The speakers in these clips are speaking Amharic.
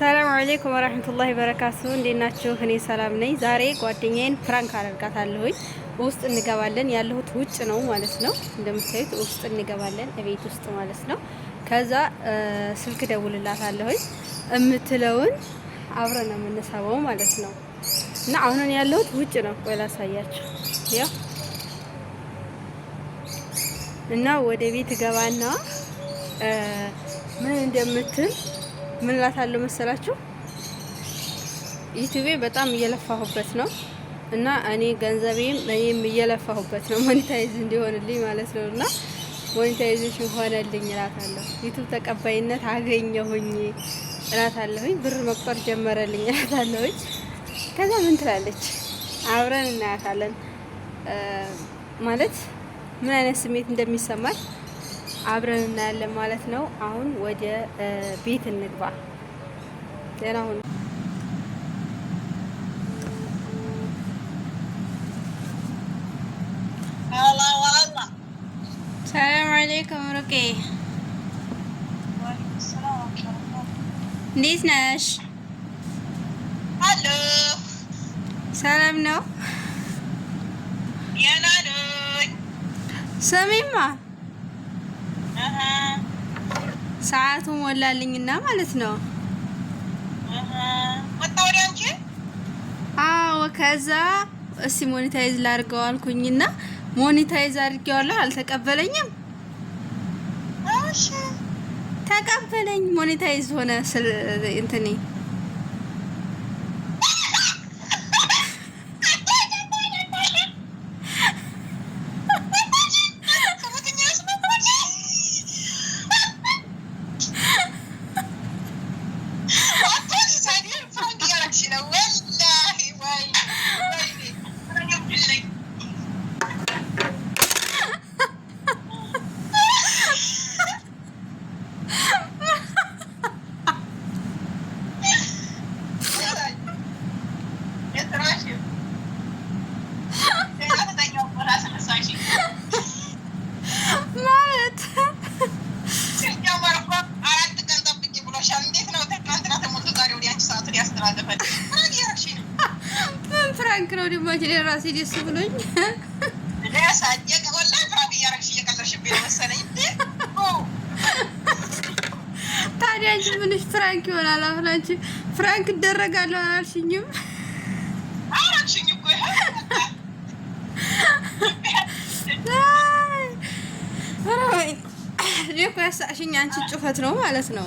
ሰላም አለይኩም ወራህመቱላሂ በረካቱ። እንዴት ናችሁ? እኔ ሰላም ነኝ። ዛሬ ጓደኛዬን ፕራንክ አደርጋታለሁኝ። ውስጥ እንገባለን። ያለሁት ውጭ ነው ማለት ነው። እንደምታዩት ውስጥ እንገባለን፣ እቤት ውስጥ ማለት ነው። ከዛ ስልክ ደውልላታለሁኝ። እምትለውን አብረን የምንሰበው ማለት ነው። እና አሁን ያለሁት ውጭ ነው። ቆይ ላሳያችሁ። ያው እና ወደ ቤት ገባና ምን እንደምትል ምን ላታለሁ መሰላችሁ ዩቲዩቤ በጣም እየለፋሁበት ነው እና እኔ ገንዘቤም እኔም እየለፋሁበት ነው ሞኔታይዝ እንዲሆንልኝ ማለት ነው እና ሞኔታይዜሽን ሆነልኝ እላታለሁ። ዩቱብ ተቀባይነት አገኘሁኝ እላታለሁኝ። ብር መቁጠር ጀመረልኝ እላታለሁኝ። ከዛ ምን ትላለች አብረን እናያታለን። ማለት ምን አይነት ስሜት እንደሚሰማል አብረን እናያለን ማለት ነው። አሁን ወደ ቤት እንግባ። ጤና ሁኑ። ሰላም አለይኩም ሩቄ፣ እንዴት ነሽ? ሰላም ነው ስሚማ ሰዓቱ ሞላልኝና ማለት ነው። አዎ ከዛ እስቲ ሞኔታይዝ ላድርገው አልኩኝና ሞኒታይዝ አድርጌዋለሁ። አልተቀበለኝም። ተቀበለኝ። ሞኔታይዝ ሆነ እንትኔ እያደረክ ነው? ደግሞ እኔ ራሴ ደስ ብሎኝ ታዲያ አንቺ ምንሽ ፍራንክ ይሆናል? አሁን አንቺ ፍራንክ እደረጋለሁ አላልሽኝም? አላልሽኝ እኮ ያሳቅሽኝ አንቺ ጩኸት ነው ማለት ነው።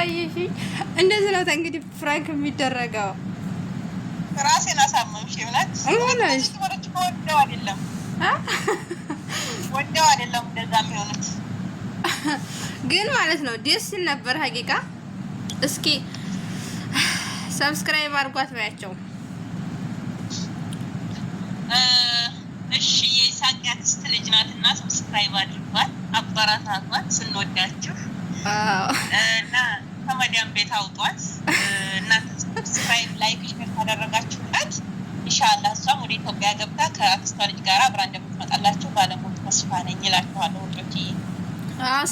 አሳየሽኝ። እንደዚህ ነው እንግዲህ ፍራንክ የሚደረገው። ራሴን ግን ማለት ነው ደስ ሲል ነበር ሀቂቃ። እስኪ ሰብስክራይብ አድርጓት በያቸው። እሺ የኢሳቅ ያክስት ልጅ ናትና ሰብስክራይብ አድርጓት፣ አበረታቷት። ስንወዳችሁ እና ከመዳም ቤት አውጧት እና ስራይብ ላይክ ሽር ካደረጋችሁበት ኢንሻላ እሷም ወደ ኢትዮጵያ ገብታ ከአክስቷ ልጅ ጋር አብራ እንደምትመጣላችሁ ባለሙሉ ተስፋ ነኝ ይላችኋለሁ። ወጮች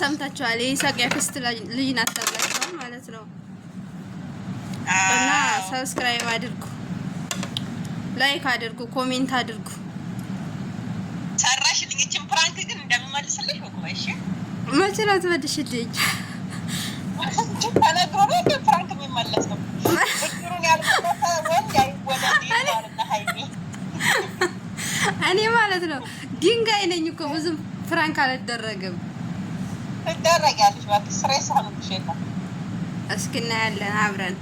ሰምታችኋል። የኢሳቅ ያክስት ልጅ ናት ተብላችኋል ማለት ነው። እና ሰብስክራይብ አድርጉ፣ ላይክ አድርጉ፣ ኮሜንት አድርጉ። ሰራሽ ልኝችን ፕራንክ ግን እንደምመልስልሽ ወቁበሽ መቼ ነው ትመልሽልኝ? እኔ ማለት ነው ድንጋይ ነኝ እኮ ብዙም ፍራንክ አልደረግም። እስኪ እናያለን አብረን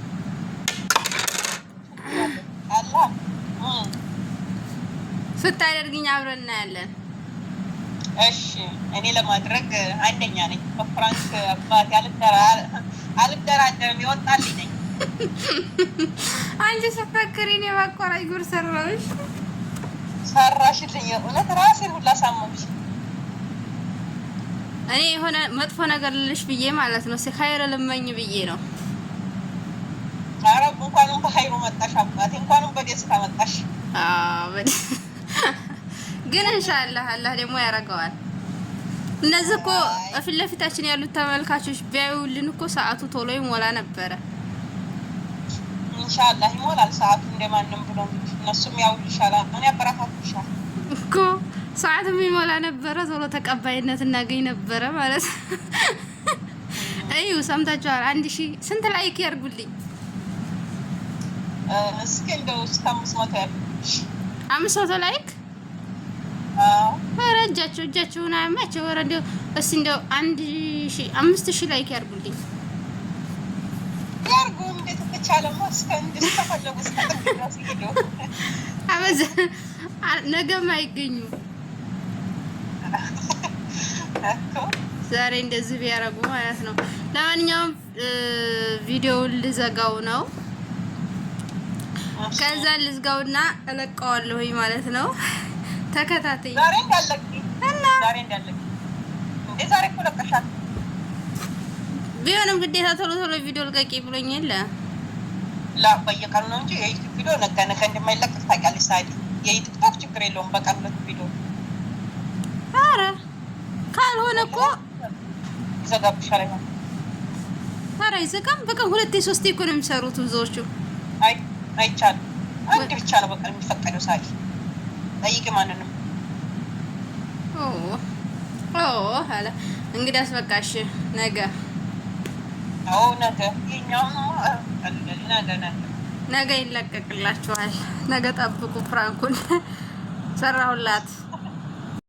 ስታደርግኝ አብረን እናያለን። እሺ እኔ ለማድረግ አንደኛ ነኝ። በፍራንክ አባት አልደራደርም፣ ይወጣልኝ ነኝ። አንቺ ስትፈክሪ እኔ ባኮራኝ ይጉር ሰራሽ ሰራሽልኝ። እውነት ራሴን ሁላ ሳመምሽ። እኔ የሆነ መጥፎ ነገር ልልሽ ብዬ ማለት ነው፣ ሲካይረ ልመኝ ብዬ ነው። አረብ እንኳንም በሀይሩ መጣሽ አባቴ፣ እንኳንም በደስታ መጣሽ። አዎ በደስታ ግን እንሻአላህ አላህ ደግሞ ያደርገዋል። እነዚህ እኮ ፊት ለፊታችን ያሉት ተመልካቾች ቢያዩልን እኮ ሰዓቱ ቶሎ ይሞላ ነበረ። ኢንሻአላህ ይሞላል ሰዓቱ እንደማንም ብሎ እነሱም ያው ይሻላል ነው ያበረታታሻል እኮ ሰዓቱም ይሞላ ነበረ። ቶሎ ተቀባይነት እናገኝ ነበረ ማለት እዩ። ሰምታችኋል። አንድ ሺ ስንት ላይክ ያርጉልኝ እስኪ እንደው እስከ አምስት መቶ ያርጉልሽ አምስት መቶ ላይክ ኧረ እጃቸው እጃቸውን አያማቸው። ኧረ እንደው እስኪ እንደው አንድ ሺህ አምስት ሺህ ላይክ ያድርጉልኝ። ነገ ነገም ዛሬ እንደዚህ ቢያረጉ ማለት ነው። ለማንኛውም ቪዲዮውን ልዘጋው ነው። ከዛ ልዝጋውና እለቀዋለሁኝ ማለት ነው። ተከታተይ ዛሬ እንዳለቅ እና ዛሬ እንዳለቅሽ እንደ ዛሬ እኮ ለቀሻት ቢሆንም ግዴታ ቶሎ ቶሎ ቪዲዮ ልቀቂ ብሎኝ የለ በየቀኑ ነው እንጂ የዩቲዩብ ቪዲዮ ነገ ነገ እንደማይለቀቅ ታውቂያለሽ። ሳይድ የቲክቶክ ችግር የለውም። በቀን ሁለት ቪዲዮ ኧረ ካልሆነ እኮ ይዘጋብሻል። ኧረ ይዘጋም። በቀን ሁለቴ ሶስቴ እኮ ነው የሚሰሩት ብዙዎቹ። አይቻልም። አንድ ብቻ ነው በቀን የሚፈቀደው ሳይድ ጠይቅ ማንንም አለ። እንግዲያስ በቃሽ ነገ ነገ ይለቀቅላችኋል። ነገ ጠብቁ ፍራንኩን ሰራሁላት።